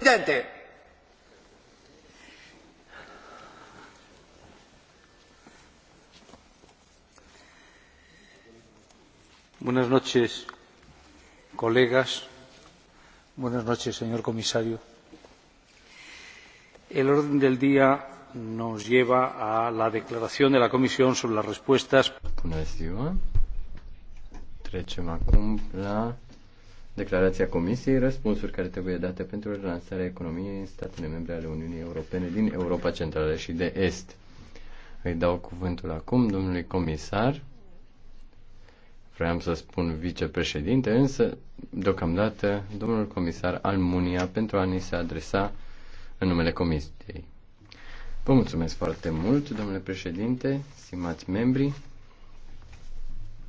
Presidente. Buenas noches, colegas. Buenas noches, señor comisario. El orden del día nos lleva a la declaración de la Comisión sobre las respuestas. Bună ziua. Trecem acum la declarația Comisiei, răspunsuri care trebuie date pentru relansarea economiei în statele membre ale Uniunii Europene din Europa Centrală și de Est. Îi dau cuvântul acum domnului comisar. Vreau să spun vicepreședinte, însă deocamdată domnul comisar Almunia pentru a ni se adresa în numele Comisiei. Vă mulțumesc foarte mult, domnule președinte, stimați membri,